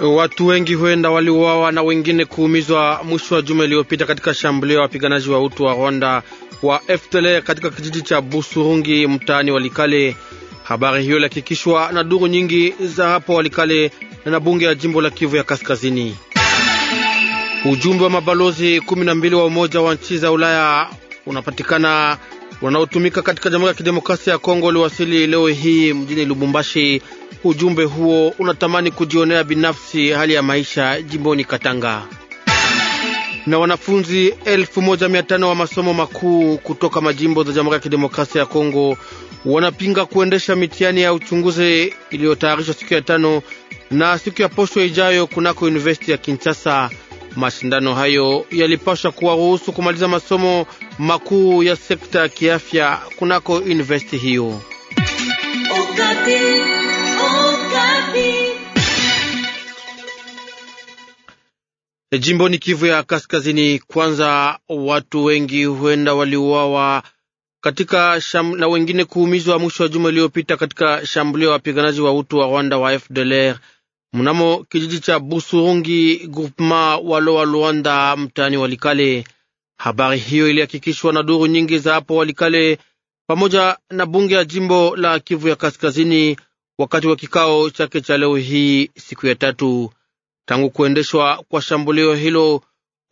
Watu wengi huenda waliuawa na wengine kuumizwa mwisho wa juma iliyopita katika shambulio ya wapiganaji wa utu wa Rwanda wa FTL katika kijiji cha Busurungi mtaani Walikale. Habari hiyo ilihakikishwa na duru nyingi za hapo Walikale na bunge ya jimbo la Kivu ya Kaskazini. Ujumbe wa mabalozi 12 wa Umoja wa nchi za Ulaya unapatikana wanaotumika katika Jamhuri ya Kidemokrasia ya Kongo waliwasili leo hii mjini Lubumbashi. Ujumbe huo unatamani kujionea binafsi hali ya maisha jimboni Katanga. Na wanafunzi 1500 wa masomo makuu kutoka majimbo za Jamhuri ya Kidemokrasia ya Kongo wanapinga kuendesha mitihani ya uchunguzi iliyotayarishwa siku ya tano na siku ya posho ijayo kunako University ya Kinshasa. Mashindano hayo yalipashwa kuwaruhusu kumaliza masomo makuu ya sekta ya kiafya kunako university hiyo. ni Kivu ya Kaskazini, kwanza watu wengi huenda waliuawa katika sham, na wengine kuumizwa mwisho wa juma iliyopita katika shambulio ya wapiganaji wa utu wa Rwanda wa FDLR mnamo kijiji cha Busurungi, groupement walowa Luanda, mtaani Walikale. Habari hiyo ilihakikishwa na duru nyingi za hapo Walikale pamoja na bunge ya jimbo la Kivu ya Kaskazini wakati wa kikao chake cha leo hii siku ya tatu tangu kuendeshwa kwa shambulio hilo.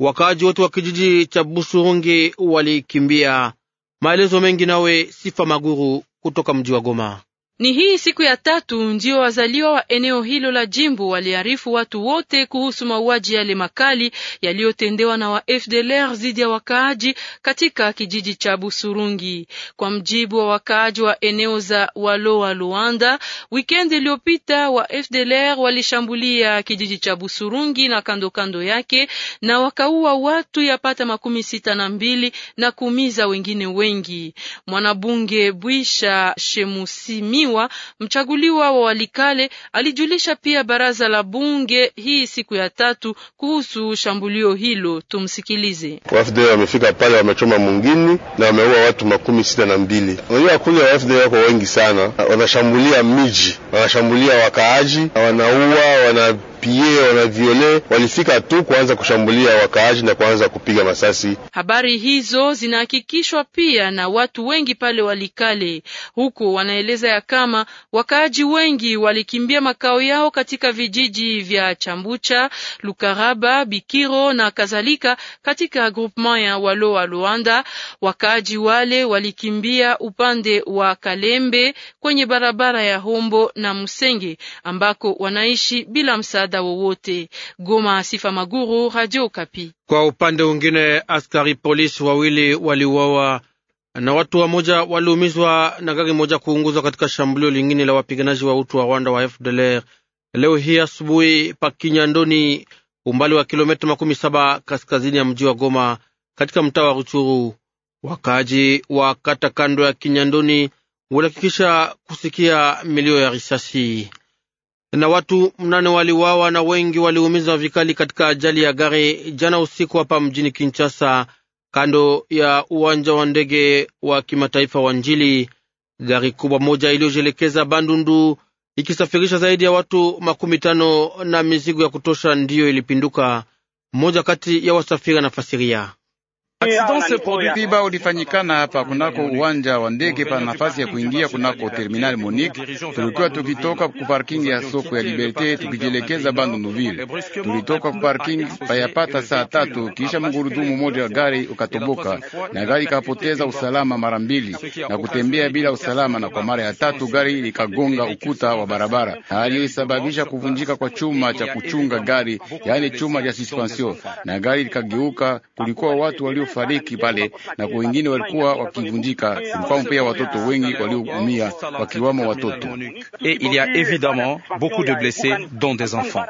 Wakaaji wote wa kijiji cha Busurungi walikimbia. Maelezo mengi nawe Sifa Maguru kutoka mji wa Goma. Ni hii siku ya tatu ndio wazaliwa wa eneo hilo la jimbo waliarifu watu wote kuhusu mauaji yale makali yaliyotendewa na wa FDLR dhidi ya wakaaji katika kijiji cha Busurungi. Kwa mjibu wa wakaaji wa eneo za waloa Luanda, wikendi iliyopita wa FDLR walishambulia kijiji cha Busurungi na kando kando yake na wakaua watu yapata makumi sita na mbili na kuumiza wengine wengi. Mwanabunge Bwisha Shemusimi mheshimiwa mchaguliwa wa Walikale alijulisha pia baraza la bunge hii siku ya tatu kuhusu shambulio hilo. Tumsikilize. FDL wamefika pale, wamechoma mungini na wameua watu makumi sita na mbili. Unajua kuja wa FDL wako wengi sana, wanashambulia miji, wanashambulia wakaaji, wanaua wana mapie wanaviole walifika tu kuanza kushambulia wakaaji na kuanza kupiga masasi. Habari hizo zinahakikishwa pia na watu wengi pale Walikale, huko wanaeleza ya kama wakaaji wengi walikimbia makao yao katika vijiji vya Chambucha, Lukaraba, Bikiro na kadhalika katika groupement ya walo wa Luanda. Wakaaji wale walikimbia upande wa Kalembe kwenye barabara ya Hombo na Musenge ambako wanaishi bila msaada msaada wowote. Goma, Sifa Maguru, Radio Kapi. Kwa upande mwingine, askari polisi wawili waliuawa na watu wamoja waliumizwa na gari moja kuunguzwa katika shambulio lingine la wapiganaji wa utu wa Rwanda wa FDLR leo hii asubuhi pakinya ndoni umbali wa kilomita makumi saba kaskazini ya mji wa Goma katika mtaa wa Ruchuru. Wakaaji wa kata kando ya Kinyandoni walihakikisha kusikia milio ya risasi na watu mnane waliwawa na wengi waliumizwa vikali katika ajali ya gari jana usiku hapa mjini Kinshasa, kando ya uwanja wa ndege wa kimataifa wa Njili. Gari kubwa moja iliyojielekeza Bandundu ikisafirisha zaidi ya watu makumi tano na mizigo ya kutosha ndiyo ilipinduka. Mmoja kati ya wasafiri anafasiria Aksidonse Piba ulifanyikana hapa kunako uwanja wa ndege pa nafasi ya kuingia kunako terminal Monique. Tulikuwa tukitoka ku parking ya soko ya Liberté tukijielekeza Bandu Nouville. Tulitoka ku parking payapata saa tatu, kisha mgurudumu moja wa gari ukatoboka na gari ikapoteza usalama mara mbili na kutembea bila usalama, na kwa mara ya tatu gari likagonga ukuta wa barabara, hali ilisababisha kuvunjika kwa chuma cha kuchunga gari, yaani chuma cha suspension, na gari likageuka. Kulikuwa watu walio walifariki pale na wengine walikuwa wakivunjika. Mfano pia watoto wengi walioumia, wakiwamo watoto et il y a évidemment beaucoup de blessés dont des enfants.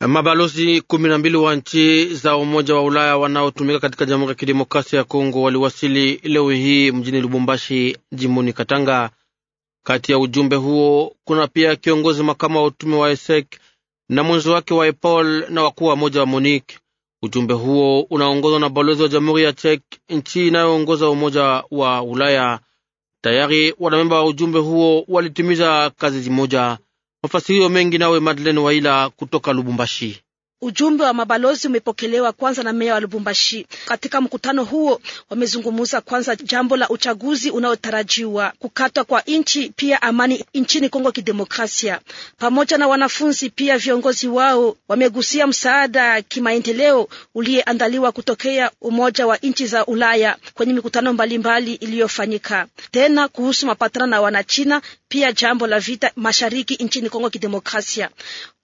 Mabalozi kumi na mbili wa nchi za Umoja wa Ulaya wanaotumika katika Jamhuri ya Kidemokrasia ya Kongo waliwasili leo hii mjini Lubumbashi, jimboni Katanga. Kati ya ujumbe huo kuna pia kiongozi makamu wa utume wa ESEK na mwenzi wake wa EPOL na wakuu wa moja wa Munich. Ujumbe huo unaongozwa na balozi wa Jamhuri ya Czech nchi inayoongoza Umoja wa Ulaya. Tayari wanamemba wa ujumbe huo walitimiza kazi zimoja. Mafasirio mengi nawe Madeleine Waila kutoka Lubumbashi. Ujumbe wa mabalozi umepokelewa kwanza na meya wa Lubumbashi. Katika mkutano huo wamezungumza kwanza jambo la uchaguzi unaotarajiwa kukatwa kwa nchi, pia amani nchini Kongo Kidemokrasia. Pamoja na wanafunzi, pia viongozi wao wamegusia msaada kimaendeleo uliyeandaliwa kutokea Umoja wa Nchi za Ulaya kwenye mikutano mbalimbali iliyofanyika. Tena kuhusu mapatano na wanachina pia jambo la vita mashariki nchini Kongo Kidemokrasia.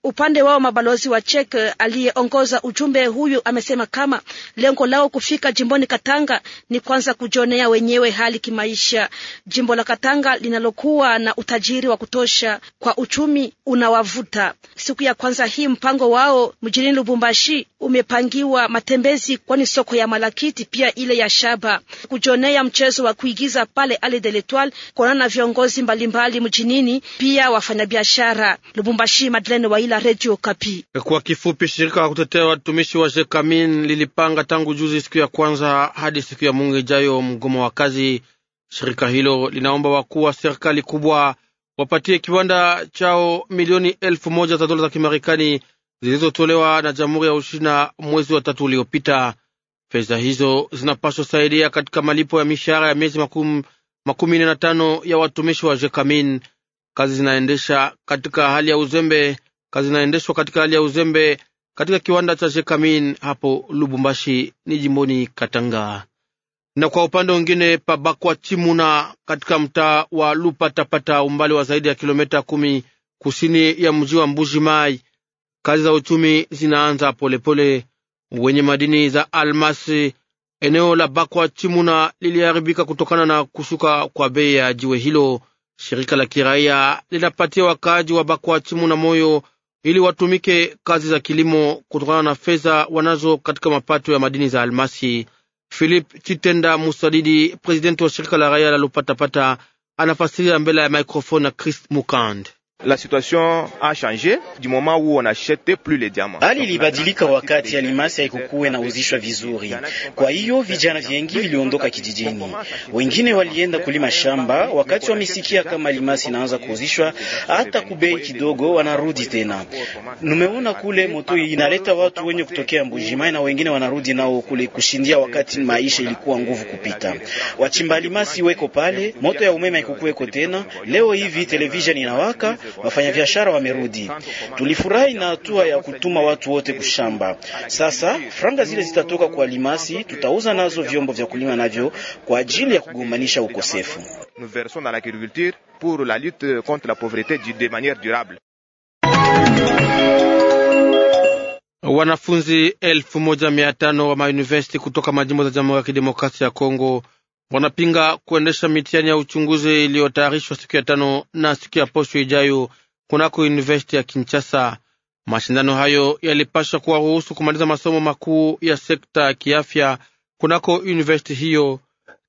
Upande wao mabalozi wa Czech eh, aliyeongoza ujumbe huyu amesema kama lengo lao kufika jimboni Katanga ni kwanza kujionea wenyewe hali kimaisha. Jimbo la Katanga linalokuwa na utajiri wa kutosha kwa uchumi unawavuta. Siku ya kwanza hii mpango wao mjini Lubumbashi umepangiwa matembezi, kwani soko ya Malakiti pia ile ya Shaba kujonea mchezo wa kuigiza pale Ale de l'Etoile, kuonana na viongozi mbalimbali mjinini, pia wafanyabiashara. Lubumbashi, wa ila Radio Kapi. Kwa kifupi, shirika la kutetea watumishi wa Jekamin lilipanga tangu juzi siku ya kwanza hadi siku ya Mungu ijayo mgomo wa kazi. Shirika hilo linaomba wakuu wa serikali kubwa wapatie kiwanda chao milioni elfu moja za dola za Kimarekani zilizotolewa na Jamhuri ya Ushina mwezi wa tatu uliopita. Fedha hizo zinapaswa saidia katika malipo ya mishahara ya miezi makumi makumi na tano ya watumishi wa Jekamin. Kazi zinaendesha katika hali ya uzembe, kazi zinaendeshwa katika hali ya uzembe katika kiwanda cha Jekamin hapo Lubumbashi ni jimboni Katanga. Na kwa upande mwingine, Pabakwa Chimuna katika mtaa wa Lupatapata, umbali wa zaidi ya kilomita kumi kusini ya mji wa Mbuji Mai, kazi za uchumi zinaanza polepole pole. Wenye madini za almasi eneo la Bakwa Chimuna liliharibika kutokana na kushuka kwa bei ya jiwe hilo. Shirika la kiraia linapatia wakaaji wa Bakwa Chimuna moyo ili watumike kazi za kilimo kutokana na fedha wanazo katika mapato ya madini za almasi. Philip Chitenda Musadidi, presidenti wa shirika la raia la Lupatapata, anafasiria mbele ya maikrofoni na Chris Mukand. La situation a changé du moment où on achete plus les diamants. Hali ilibadilika wakati alimasi haikukuwa inauzishwa vizuri, kwa hiyo vijana wengi viliondoka kijijini, wengine walienda kulima shamba. Wakati wamesikia kama alimasi inaanza kuuzishwa hata kubei kidogo, wanarudi tena. Nimeona kule moto inaleta watu wenye kutokea Mbujimai na wengine wanarudi nao kule kushindia, wakati maisha ilikuwa nguvu kupita. Wachimba alimasi weko pale, moto ya umeme haikukuweko tena. Leo hivi television inawaka wafanyabiashara wamerudi. Tulifurahi na hatua ya kutuma watu wote kushamba. Sasa franga zile zitatoka kwa limasi, tutauza nazo vyombo vya kulima navyo kwa ajili ya kugombanisha ukosefu. pour la lutte contre la pauvreté de manière durable. Wanafunzi elfu moja mia tano wa mauniversiti kutoka majimbo za Jamhuri ya Kidemokrasia ya Kongo wanapinga kuendesha mitihani ya uchunguzi iliyotayarishwa siku ya tano na siku ya posho ijayo kunako university ya Kinshasa. Mashindano hayo yalipasha kuwaruhusu kumaliza masomo makuu ya sekta ya kiafya kunako university hiyo.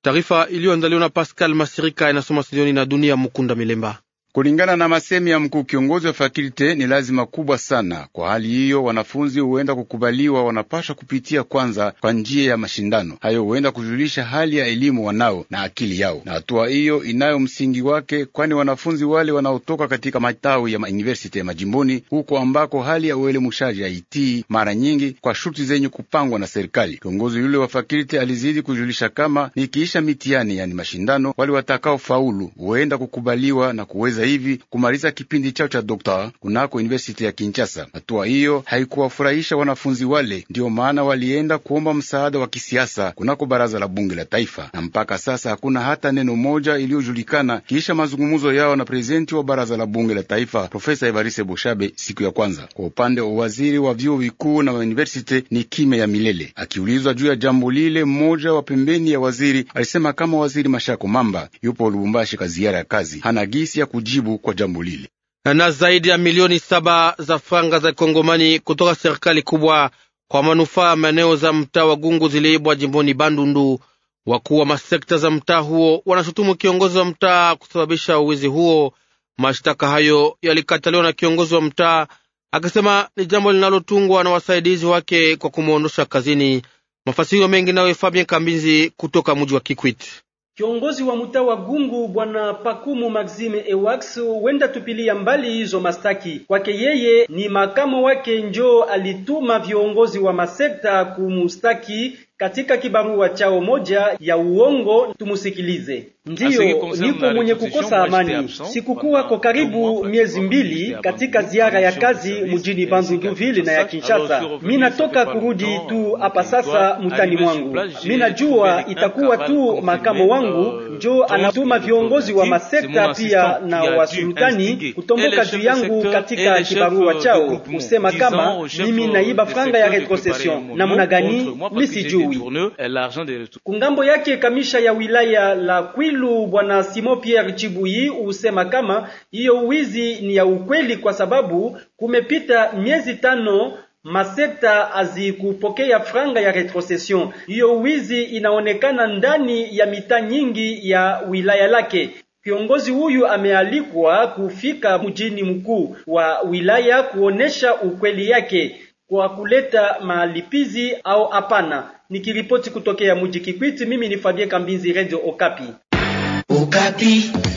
Taarifa iliyoandaliwa na Pascal Masirika inasoma Sidoni na Dunia Mukunda Milemba. Kulingana na masemi ya mkuu kiongozi wa fakilte, ni lazima kubwa sana. Kwa hali hiyo, wanafunzi huenda kukubaliwa, wanapashwa kupitia kwanza kwa njia ya mashindano hayo, huenda kujulisha hali ya elimu wanao na akili yao, na hatua hiyo inayo msingi wake, kwani wanafunzi wale wanaotoka katika matawi ya university ya majimboni huko ambako hali ya uelemushaji haitii mara nyingi kwa shuti zenye kupangwa na serikali. Kiongozi yule wa fakilte alizidi kujulisha kama nikiisha mitihani, yani mashindano, wale watakao faulu huenda kukubaliwa na kuweza kumaliza hivi kumaliza kipindi chao cha dokta kunako university ya Kinshasa. Hatua hiyo haikuwafurahisha wanafunzi wale, ndiyo maana walienda kuomba msaada wa kisiasa kunako baraza la bunge la taifa, na mpaka sasa hakuna hata neno moja iliyojulikana kisha mazungumzo yao na prezidenti wa baraza la bunge la taifa Profesa Evariste Boshabe siku ya kwanza. Kwa upande wa waziri wa vyuo vikuu na university ni kime ya milele. Akiulizwa juu ya jambo lile, mmoja wa pembeni ya waziri alisema kama waziri Mashako Mamba yupo Lubumbashi kwa ziara ya kazi, hana gisi ya kuji kujibu kwa jambo lile, na zaidi ya milioni saba za franga za kongomani kutoka serikali kubwa kwa manufaa maeneo za mtaa wa Gungu ziliibwa jimboni Bandundu. Wakuu wa masekta za mtaa huo wanashutumu kiongozi wa mtaa kusababisha uwizi huo. Mashtaka hayo yalikataliwa na kiongozi wa mtaa akisema ni jambo linalotungwa na wasaidizi wake kwa kumwondosha kazini. Mafasi hiyo mengi nayo Fabien Kambinzi kutoka mji wa Kikwit. Kiongozi wa mtaa wa Gungu bwana Pakumu Maxime Ewax wenda tupilia mbali hizo mastaki. Kwake yeye ni makamo wake njo alituma viongozi wa masekta kumustaki katika kibarua chao moja ya uongo. Tumusikilize. Ndiyo, nipo mwenye kukosa amani. Sikukuwa kwa karibu miezi mbili katika ziara ya kazi mjini Bandunduville na ya Kinshasa. toka kurudi tu hapa sasa mutani mwangu. Minajua itakuwa tu makamo wangu njo anatuma viongozi wa masekta pia na wasultani kutomboka juu yangu katika kibarua chao kusema kama mimi naiba franga ya retrocession. Namna gani? Mimi Kungambo yake kamisha ya wilaya la Kwi Mwilu Bwana Simon Pierre Chibuyi husema kama hiyo wizi ni ya ukweli, kwa sababu kumepita miezi tano masekta azikupokea franga ya retrocession. Hiyo wizi inaonekana ndani ya mitaa nyingi ya wilaya lake. Kiongozi huyu amealikwa kufika mjini mkuu wa wilaya kuonesha ukweli yake kwa kuleta malipizi au hapana. Nikiripoti kutokea mji Kikwiti, mimi ni Fabien Kambinzi, Radio Okapi. Okapi.